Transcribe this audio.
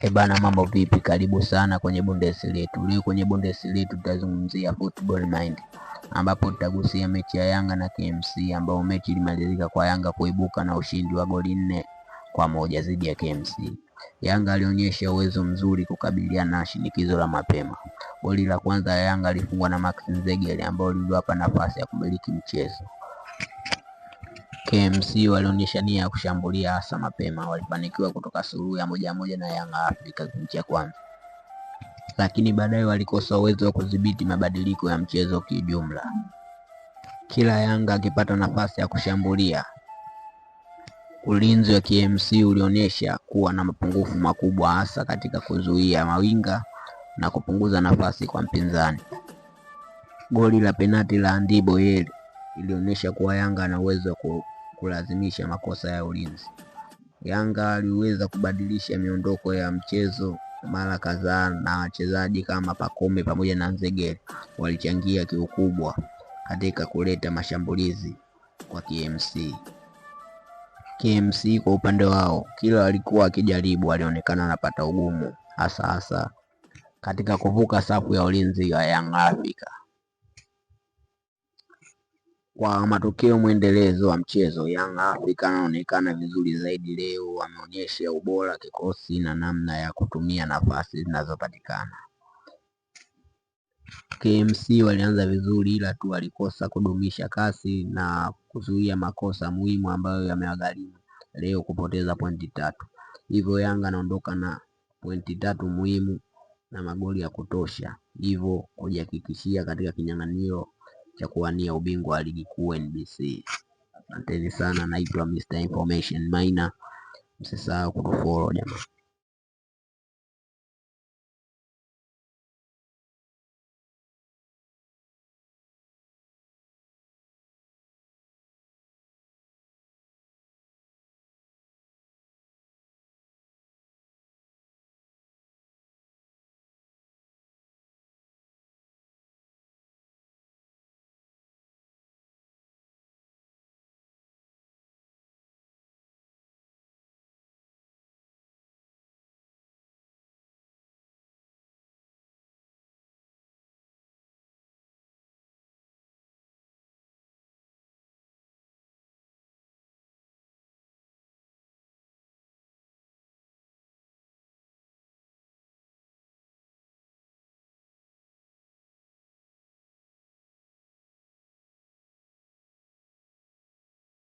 Ebana, eh, mambo vipi? Karibu sana kwenye bondesi letu. Leo kwenye bondesi letu tutazungumzia Football Mind, ambapo tutagusia mechi ya Yanga na KMC, ambayo mechi ilimalizika kwa Yanga kuibuka na ushindi wa goli nne kwa moja dhidi ya KMC. Yanga alionyesha uwezo mzuri kukabiliana na shinikizo la mapema. Goli la kwanza ya Yanga alifungwa na Max Nzegeli, ambao liliwapa nafasi ya kumiliki mchezo. KMC walionyesha nia ya kushambulia hasa mapema, walifanikiwa kutoka suru ya moja moja na Yanga Afrika kipindi cha kwanza, lakini baadaye walikosa uwezo wa kudhibiti mabadiliko ya mchezo kiujumla. Kila Yanga akipata nafasi ya kushambulia, ulinzi wa KMC ulionyesha kuwa na mapungufu makubwa, hasa katika kuzuia mawinga na kupunguza nafasi kwa mpinzani. Goli la penati la Andibo Yeli ilionyesha kuwa Yanga ana uwezo wa kulazimisha makosa ya ulinzi. Yanga aliweza kubadilisha miondoko ya mchezo mara kadhaa na wachezaji kama pakome pamoja na Nzegeli walichangia kiukubwa katika kuleta mashambulizi kwa KMC. KMC kwa upande wao, kila walikuwa akijaribu walionekana wanapata ugumu, hasa hasa katika kuvuka safu ya ulinzi wa Young Africa. Kwa matokeo mwendelezo wa mchezo, Young Africa anaonekana vizuri zaidi leo, ameonyesha ubora kikosi na namna ya kutumia nafasi zinazopatikana. KMC walianza vizuri, ila tu walikosa kudumisha kasi na kuzuia makosa muhimu ambayo yamewagharimu leo kupoteza pointi tatu. Hivyo Yanga anaondoka na pointi tatu muhimu na magoli ya kutosha, hivyo kujihakikishia katika kinyang'anio cha kuwania ubingwa wa ligi kuu NBC. Asanteni sana, naitwa Mr Information Maina, msisahau kutufollow jamani.